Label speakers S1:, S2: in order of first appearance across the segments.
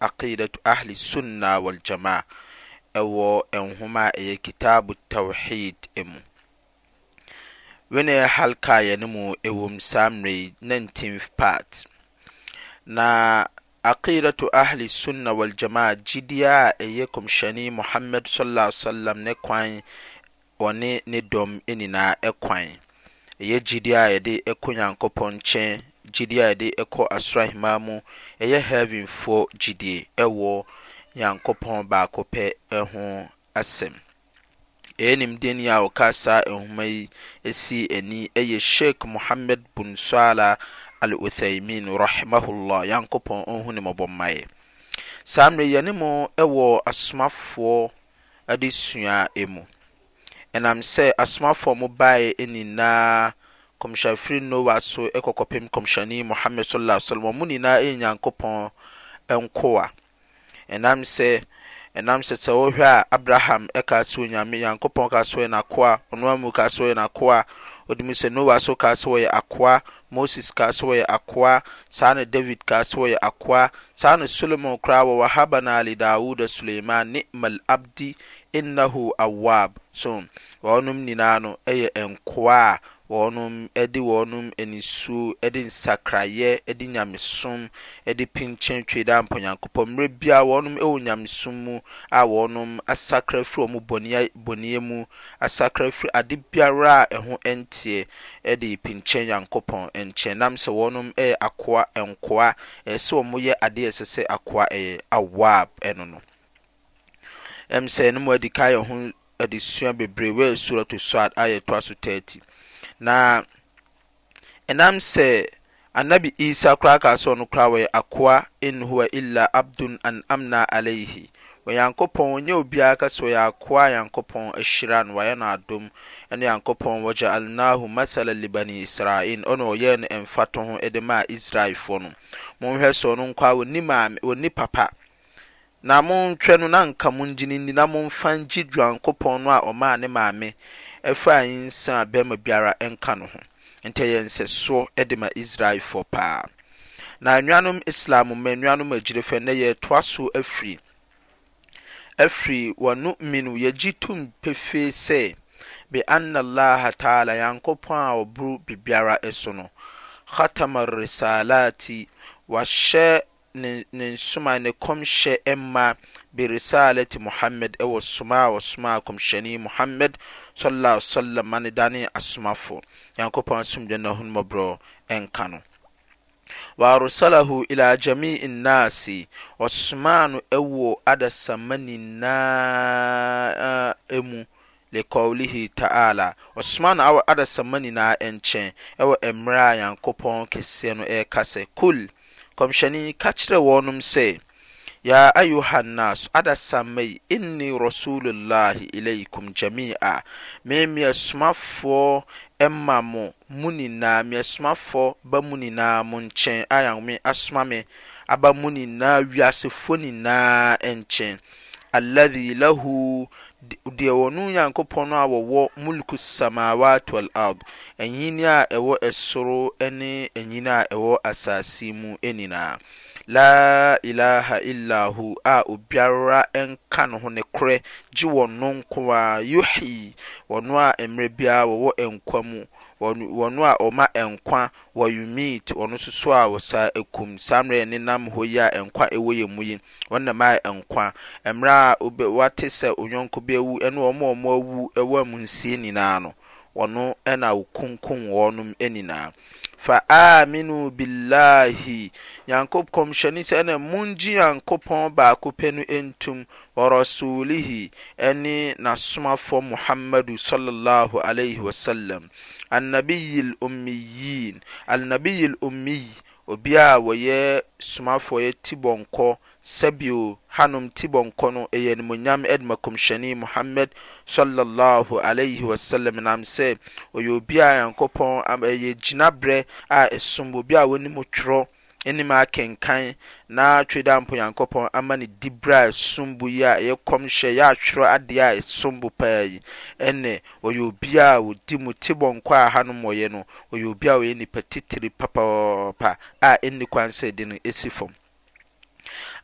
S1: aqidatu ahli sunna wal jamaa ɛwɔ nhoma a ɛyɛ kitabu tawhid mu wene halka yɛ no mu ɛwɔ saa mmerɛ 19th part na aqidatu ahli sunna wal jamaa gyidiɛ a ɛyɛ kɔmhyɛne muhammad sallallahu alaihi wasallam ne kwan ɔne ne dɔm nyinaa ɛkwan e ɛyɛ gyidiɛ a yɛde ɛkɔ e nyankopɔn nkyɛn gyidie a ɛde ɛkɔ asorahima mu ɛyɛ havinfoɔ gyidie ɛwɔ nyankopɔn baako pɛ ho asɛm ɛɛ nimdeani a ɔ kasaa ɛhoma yi asi ani ɛyɛ shiik mohammed bun sala alothaimine rahimahullah nyankopɔn ɔhu no mɔbɔ maeɛ saa mmireyine mu ɛwɔ asomafoɔ adesua mu ɛnam sɛ asomafoɔ mo baɛ ninaa kmhyɛfiri noa so kɔkɔpe kɔmhyne muhamed s sm ɔmu nyinaa yɛ nyankopɔn nkoa ɛɛnam sɛ sɛ wɔhwɛ abraham a senyankopɔn ɛnm ɛo ɔdm sɛ noa so ka se wɔ yɛ akoa moses ka sewɔyɛ akoa saa ne david ka se wɔ yɛ akoa saa ne solomon koraa wɔwhabanaale dawoda suleiman nima labdi innah awwabso ɔnom nyinaa no yɛ nkoaa wɔnom de wɔnom nisuo de nsakraeɛ de nyamesom de pinkyɛn twɛ dɛ ampa nyankopɔn mmerɛ biara wɔnom wɔ nyamesom mu a wɔnom asakra firi wɔn bɔneɛ mu asakra firi ade biara a ɛho nteɛ de pinkyɛn nyankopɔn nkyɛn nam sɛ wɔnom yɛ akoa nkoa ɛsɛ wɔn yɛ adeɛ ɛsɛ sɛ akoa yɛ awaab ɛno no ɛm sɛ no mu adi ka yɛ ho adesua bebree wɔyɛ sura to sɔad a yɛtoa so 30 na ɛnam sɛ anabi isa koraa kaa sɛ ɔno koraa wɔyɛ akoa in huwa illa abdun an amna alayhi onyankopɔn nyɛ obiara ka sɛ ɔyɛ akoa nyankopɔn ahyira no wayɛ no adom ɛne nyankopɔn wɔgya alnahu mathala bani israil ɔne ɔyɛɛ no ɛmfato ho de maa israelfoɔ no monhwɛ sɛ ɔno nkɔ a ɔni papa na montwɛ no na nka mo ngye no na momfa ngye dwankopɔn no a ɔmaa ne maame ɛfa a nsa a bɛrima biara nka no ho nti ɛyɛ nsɛsoɔ de ma israelfoɔ paa na nnuanom islam ma nnuanom fɛ na yɛtoa so afiri afiri wɔno minu yɛgye tum pefee sɛ bi anna allah taala nyankopɔn a ɔboro biribiara so no khatama risalati wahyɛ ne nsoma ne kɔmhyɛ ma birisalati muhammad ɛwɔ soma a wɔsoma a kɔmhyɛni muhammad sɔla sɔla ne da ne asomafo nyankopɔn asomdwa no ahonumɔborɔ ɛnka no warusalahu ila jami'i nnasi ɔsomaa no ɛwɔ adasamma nyinaa ɛmu eh, lekɔlihi ta'ala ɔsomaa no awɔ mani nyinaa ɛnkyɛn ɛwɔ mmerɛ a nyankopɔn kɛseɛ no ɛrekasa kul kɔmhyɛne ka kyerɛ wɔnom sɛ ya nasu nas adasamai inni rasulullahi ilaikum jami'a me miasumafoɔ ɛma mo mu nyinaa miasumafoɔ ba na mun mo ayan mi asoma me aba mu nyinaa wiasefoɔ na nkyɛn alladhi lahu deɛ wɔn nyankopɔn no a wɔwɔ mulku samawati wal ard ɛnyini a ɛwɔ ɛsoro ne ɛnyini a ɛwɔ asase mu nyinaa la ilaha illahu a obiara nka ne ho ne korɛ gye wɔn nko a yuhi wɔn a mmerɛ biara wɔwɔ nkwa mu wɔn a wɔma nkwa wɔ umit wɔn nso so a wɔsa ekum saa mmerɛ ne nam hɔ yi a nkwa ɛwɔ yɛn mu yi wɔn nam ayɛ nkwa mmerɛ a wate sɛ onyɔnko bi awu ɛne wɔn a wɔn awu ɛwɔ mu nsie nyinaa no wɔn na wɔkunkum wɔn nyinaa. fa aminuu billahi nyankop kɔmshani sɛana mum gi nyankop pɔn baako penu en tum wa rasulihi ane nasoma fɔ muhamadu slalah alaih wasallam anabiyi alummiyin anabiyi alummiii obi a wɔyɛ somafoɔ yɛ tibɔnkɔ sɛbio hanom tibɔnkɔ no ɛyɛ nimonyam ɛde ma kɔmhyɛne muhammad sallallahu alayhi wa sallam nam sɛ ɔyɛ obi a nyankopɔn ɛyɛ gyinaberɛ a ɛsom obi a wɔnim twerɛ anim akenkan na atwe dɛ ampo nyankopɔn ama ne dibra a ɛsom bo yi a ɛyɛ kɔmhyɛ yɛ atwerɛ adeɛ a ɛsom bo paa yi ɛnɛ ɔyɛ obia a wɔdi mu te bɔnkɔ a hanom wɔyɛ no ɔyɛ obia a ɔyɛ nipa titiri papaapa a ɛnni kwan sɛ ɛde no ɛsi fam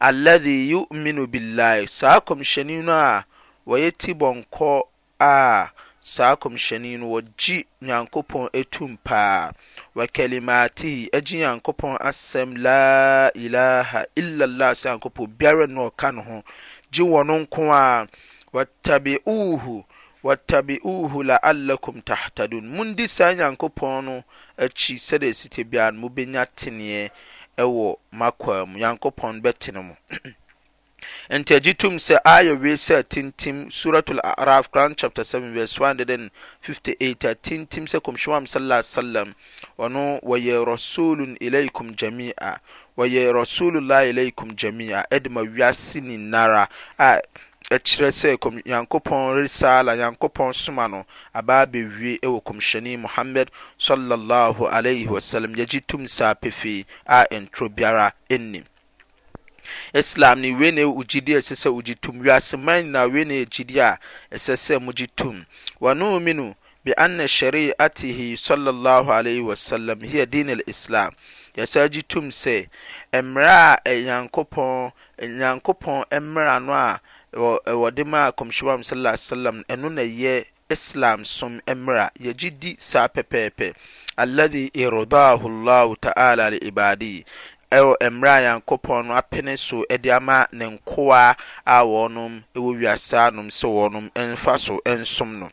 S1: alladhi yu'minu billahi saa kɔmhyɛni no a wɔyɛ ti bɔnkɔ a saa kɔmhyɛni no wɔgye nyankopɔn ɛtum paa wakalimatihi agye nyankopɔn asɛm la ilaha illallah sɛ nyankopɔn biara na ɔka no ho gye wɔn nko a watabi'uhu watabi'uhu la'allakum tahtadun mundi saa nyankopɔn no akyi sɛde ɛsi biara no mubɛnya teneɛ ɛwɔ makwaa mu nyankopɔn bɛtene mu. ɛnti agye tum sɛ aya wiei sɛ tintim suratalaraf gran cp7:158 atintim sɛ kɔmhwɛw am slsalam ɔno wɔyɛ rslun lkum jamia wɔyɛ rasulullah ilaikum jamia ɛdema wiase ninara a ɛkyerɛ sɛ km nyankopɔn resala nyankopɔn soma no abaa bewie wɔ kɔmhyɛni muhammed sh wsalam yɛgye tum saa pefei a ɛntoro biara nnim islam ne weine o gyidi ɛsɛ sɛ wo gye tum wiaseman nna weine gyidi a ɛsɛ sɛ mogye tum wa nuumenu bianna shariatihi slh wsalam hia din l islam yɛsa gyi tum sɛ merɛ a nyankopɔn e nyankopɔn e mmera no a wɔde ma a kɔmhyiwam ssalam ɛno na yɛ islam som mmera yɛgye di saa pɛpɛɛpɛ allahi irdahu llahu taala leibadii ɛwɔ mmerɛ a no apene so de ama ne nkoa a wɔnom wɔ wiase anom sɛ wɔnom mfa so nsom no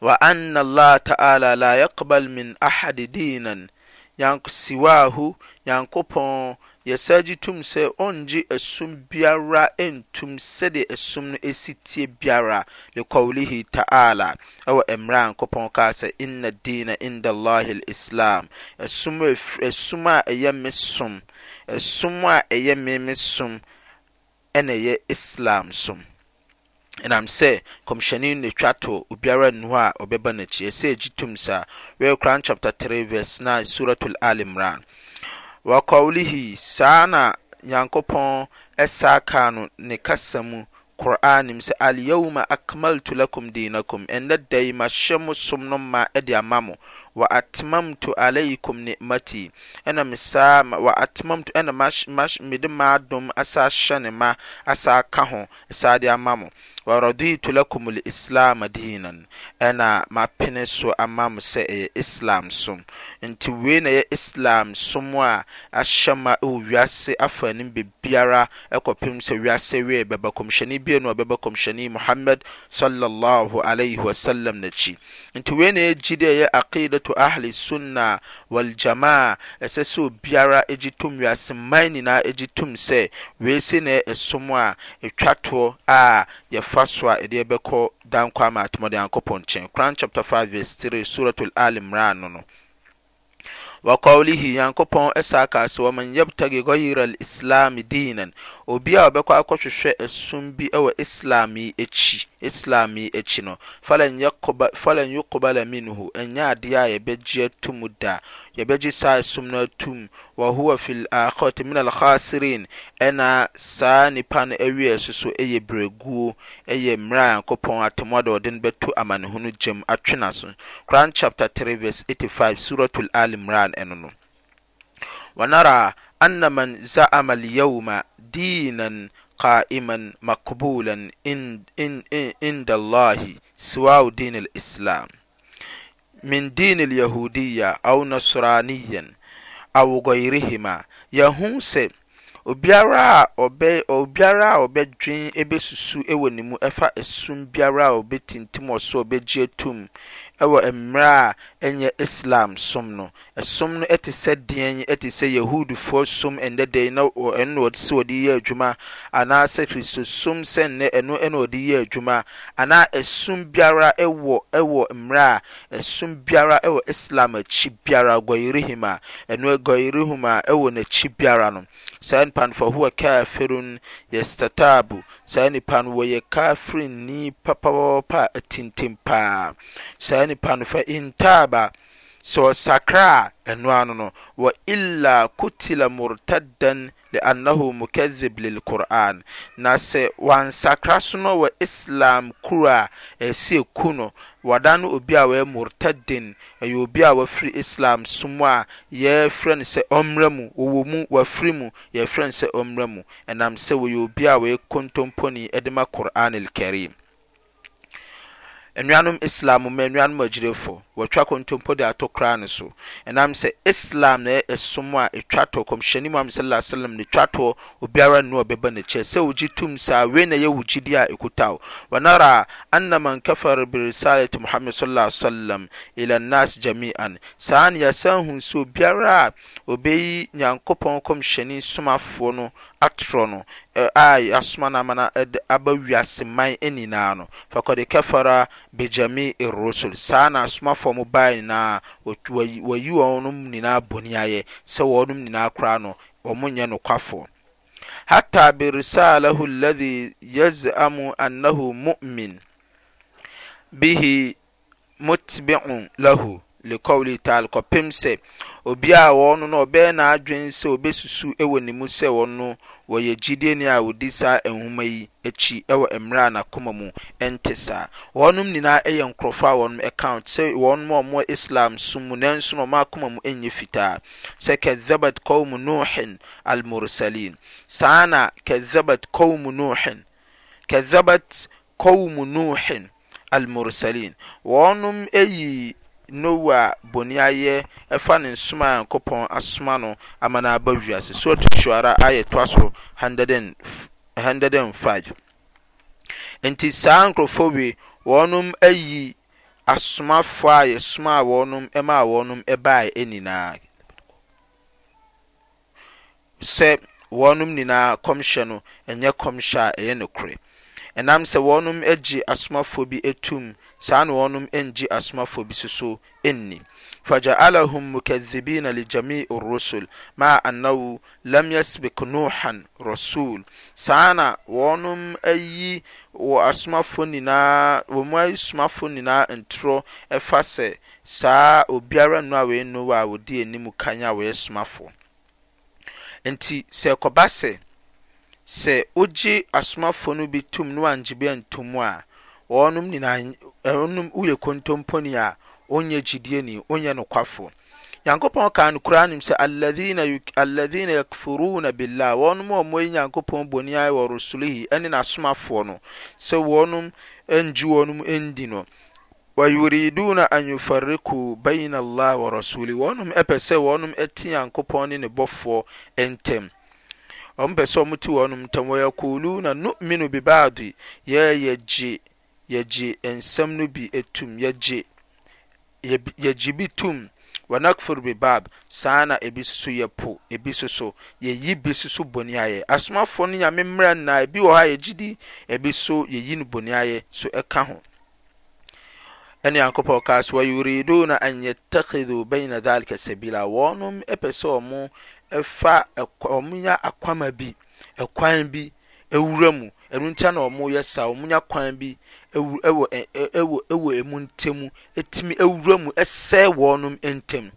S1: wa anna allah ta'ala la yakbal min ahad dinan yankosiwaahu yɛsa gye tum sɛ ɔngye asum biara ntum sɛdeɛ asum no sitie biara lekaulihi taala ɛwɔ mmerɛ a nkopɔn kaa sɛ inna ddina indallah lislam sm ɛyme so ɛsom a ɛyɛ me me som ɛne ɛyɛ islam so ɛnam sɛ kɔmihyɛni netwa to obiara nnuhu a ɔbɛbanoakyi yɛsɛ gyi tum sɛa we koran ap3v9 surat lalmran wa kawlihi saa na nyankopɔn ɛsa ka no ne kasa mu qur'anim sɛ alyawma akmaltu lakum dinakum ɛnnɛ dai mahyɛ mo som no ma ɛde ama mo wa atmamtu alaikum ni'mati ɛna mesaa wa atmamtu ɛna mede maadom asa hyɛ ne ma asa ka ho ɛsaa de ama mo wrdito lakum lislama dinan ɛna mapene so ama m sɛ ɛyɛ islam som nti wei na yɛ islam som a ahyɛ ma ɛwɔ wiase afanim bebiara kɔpem s wiase wiee bɛbakɔmhyɛne bieno ɔ bɛbkɔmhyɛne yi muhamad swslam nakyi nti wei ne ɛgyide yɛ akidato ahlesunna waljamaa ɛsɛ sɛ o biara gye tomwiase man nyinaa gyi tom sɛ weise neɛ ɛsom a ɛtwa toɔ a yɛfa soa adeɛ bɛkɔ dan kw amaatomad nyankopɔn kyɛ53 wakaulihi nyankopɔn ɛsaakasɛ wɔman yabtage gayra lislame diinan obi a ɔbɛkɔ akɔhwehwɛ esum bi wɔ islam yi akyi islam yi akyi no falan yukbala minhu ɛnyɛ adeɛ a yɛbɛgye atum da yɛbɛgye saa esum no atum wa huwa fil akhirati min al khasirin ɛna saa nipa no awie so so ɛyɛ bereguo ɛyɛ mmerɛ a yankopɔn atemwa da ɔde no bɛto amanehunu gyam atwe so koran chapter 3 verse 85 suratul al imran ɛno no ونرى أن من زعم اليوم diiaaimamblan indalh siwa din lislam min dini lyahudiya aw nsranian awogɔ irihima yahu sɛ obiara a ɔbɛdwene bɛsusu wɔ ni mu ɛfa asum biara a obɛtintimɔ so ɔbɛgyeɛ tum ɛwɔ mmerɛ a ɛnyɛ islam som no ɛsom no te sɛ deɛn te sɛ yahudfoɔ som nɛdan nɔɛde yi adwuma anaasɛ kristosom sɛnnɛ ɛno naɔde yɛ adwuma anaa ɛsum biara ɔ mmerɛ som biara wɔ islam akyi biara guy rohim a ɛnoguyrohim a wɔ nakyi biara no saanipanfahoa ka feru n yɛ statabo saanipano wɔyɛ kafrini pap paa tinten paa pofa intaba sɛ ɔsakra a ɛno a no no wɔ ila kutila murtaddan leannaho mukadhib lil kuran na sɛ wansakra so no wɔ islam kur a ɛsiku no wda no obi a wɔyɛ mortaddin ɔyɛ obi a wɔafiri islam so mu a yɛ frɛ n sɛ ɔmmera mu wɔwɔ mu wafiri mu yɛ frɛ n sɛ ɔmmera mu ɛnam sɛ wɔyɛ obi a wɔyɛ kontomponi de ma kur'an al karim nnuanom islam ma nnuanom agyirefo wɔtwa kɔntompo de ato kora ne so ɛnam sɛ islam na yɛ som a ɛtwa tɔ kɔmhyɛne mu sala salam ne twa tɔ obiara nnu a ɔbɛba n'akyɛ sɛ wogye tum saa wei na yɛ wo gyidi a ɛkuta wo wanara anna man kafar birisalati muhammad sallallahu alaihi wasallam ila nas jami'an saa ne yɛsan hu sɛ obiara a obɛyi nyankopɔn kɔmhyɛne somafoɔ no atorɔ no eh, a asoma eh, no ama no aba man nyinaa no fakɔde kafara bejami rusul saa na asomafoɔ mo baa nyinaa wɔyi nom nyinaa bɔne ayɛ sɛ nom nyinaa kora no wɔmo nyɛ kwafo. hatta birisalahu alladhi yaz'amu annahu mu'min bihi mutbi'un lahu lecolital kɔpem sɛ obiaa wɔɔno no ɔbɛɛ naadwen sɛ wɔbɛsusu wɔ ne mu sɛ wɔn no wɔyɛ gyidiene a wɔdi saa ɛnhoma yi akyi ɛwɔ mmmerɛ a nakoma mu ɛnte saa wɔnom nyinaa yɛ nkorɔfoɔ a wɔnom acount sɛ wɔnom ɔmo islam so mu nanso no ɔmaakoma mu ɛyɛ fitaa sɛ kathabat calmu nohen almursalin saa na akathebat kamu nohen almursalin ɔnom yi nowu a boni ayɛ ɛfa ne nsoma a yankopɔn asoma no amana ba wiase so atu su ara ayɛ toa soo 1005 nti saa nkurɔfɔ wii wɔnom ayi asomafoɔ a yɛsoma a wɔnom maa wɔnom bae nyinaa sɛ wɔnom nyinaa kɔmhyɛ no ɛnyɛ kɔmhyɛ a ɛyɛ no korɛ ɛnam sɛ wɔnom agyi asomafoɔ bi ɛtum saa na wɔnom ngyi asomafoɔ bi soso nni fa ja'alahum mukadhibina lejamie russul ma annaho lam yasbik nohan rasul saa na ɔnom afɔiɔm ysoma fɔɔ nyinaa ntorɔ fa sɛ saa obiara nnu a wɔɛ nno wa a wɔ di ani mu kanya wɔyɛ somafɔ nti sɛ kɔba sɛ sɛ wogye asomafɔ no bi tom no wangyebia ntomu a ɔɔnom nyina nm oye kontomponi a onyɛ gjyidini onyɛ nokwa f nyankopɔn kan koraanim sɛ alaina yakfuruna bilah ɔnom mɔinyaankopɔn boni a wɔrasulihi ɛne na soma fɔno sɛ wɔnom ngji wɔnom ndin wa uriduna an ufareku bain llah wa rasuli wɔnm ɛpɛsɛ wɔnom tinyankopɔn ne ne bɔfɔ ntm mpɛsɛ mti wɔnom nt wayakuluna numinu bibadi ɛy yɛgye nsɛm no bi tum yɛgye yɛgye bi tum wanakfor bibab saa na ebi soso yɛpo ebi soso yɛyi bi soso bɔne ayɛ asomafoɔ no nyame mmerɛ nnaa ebi wɔ ha yɛgyidi ebi so yɛyi no bɔne ayɛ so ɛka ho ɛne nyankopɔn kaa so wayuriduna an yattakhidhu baina dhalika sabila wɔnom ɛpɛ sɛ ɔmo ɛfa ɔmo nya akwama bi ɛkwan bi ɛwura mu ɛno ntia na ɔmo yɛ saa ɔmo nya kwan bi ɛwɔ ɛwɔ ɛwɔ emu ntemu ɛtumi ewura mu ɛsɛɛ wɔn ntɛm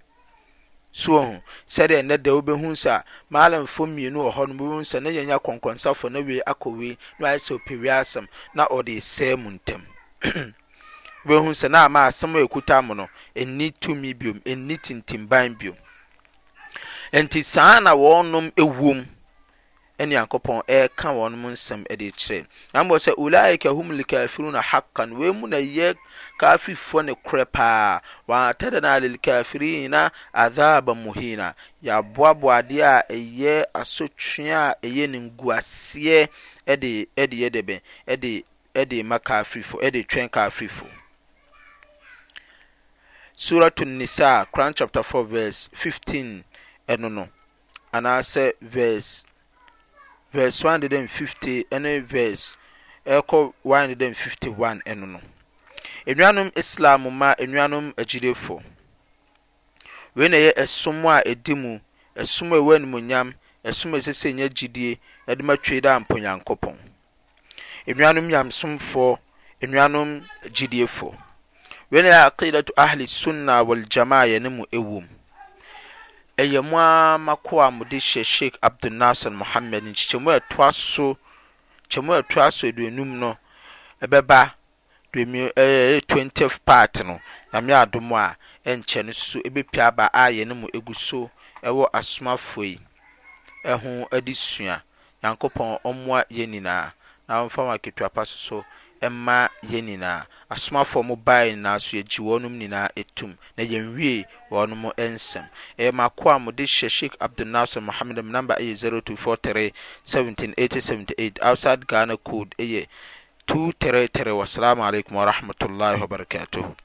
S1: soɔ ho sɛdeɛ nnɛ da wobɛhu sɛ a maalamfo mmienu wɔ hɔ no wobɛhu sɛ na yɛnya kɔnkɔnsafo na wei akɔ wei na ayɛ sɛ ɔpɛwie asɛm na ɔde sɛɛ mu ntɛm wobɛhu sɛ na ama asɛm a ɛkuta mu no ɛnni tumi biom ɛnni tintimban biom Nti saa na wɔnom ewuom. ɛne nyankopɔn ɛɛka wɔnnom nsɛm de kyerɛ amb sɛ ulaika hum lkafiruna hakan wemu na yɛ kafifɔ ne korɛ paa ɔatadanaa lilkafirie na adhaba muhina yɛboaboadeɛ a ɛyɛ asotwea a ɛyɛ nenguaseɛ deyɛ de bɛn effdetwɛn kafifs verse one hundred and fifty ɛne verse ɛkɔ one hundred and fifty one ɛno no enuanom islam ma enuanom agyilefo wei na ɛyɛ ɛsom a ɛdi mu ɛsom a ɛwɔ animonyam ɛsom a ɛsɛ sɛ ɛnyɛ gyidie ɛde ma twɛ dɛ ampɔnyankopɔn enuanom nyamsomfoɔ enuanom gyidiefoɔ wei na ɛyɛ akidatu ahli sunna wal jamaa yɛ ne mu ɛwom ɛyɛ mo ara mako a mode hyɛ sheikh abdul Mohammed muhammed nkyɛmu ɛtoa so kyɛmu ɛtoa so aduonum no ɛbɛba duomi ɛyɛ twentieth part no nyame adom a ɛnkyɛ no so ebepia aba a yɛn mu egu so ɛwɔ asomafoɔ yi ɛho ɛde sua. nyankopɔn ɔmmoa yɛ nyinaa na wɔmfa wɔn aketewa pa so ɛma yɛ nyinaa asomafoɔ a wɔbaeɛ nyinaa nso yɛgye wɔnom nyinaa ɛtum na yɛnwie wɔnom nsɛm ɛyɛ mako a mode hyɛ sheikh abdulnasir mohamed m namba ɛyɛ 0243 178078 outside ghana code ɛyɛ 233 wassalamu alaikum warahmatullahi wabarakatuhu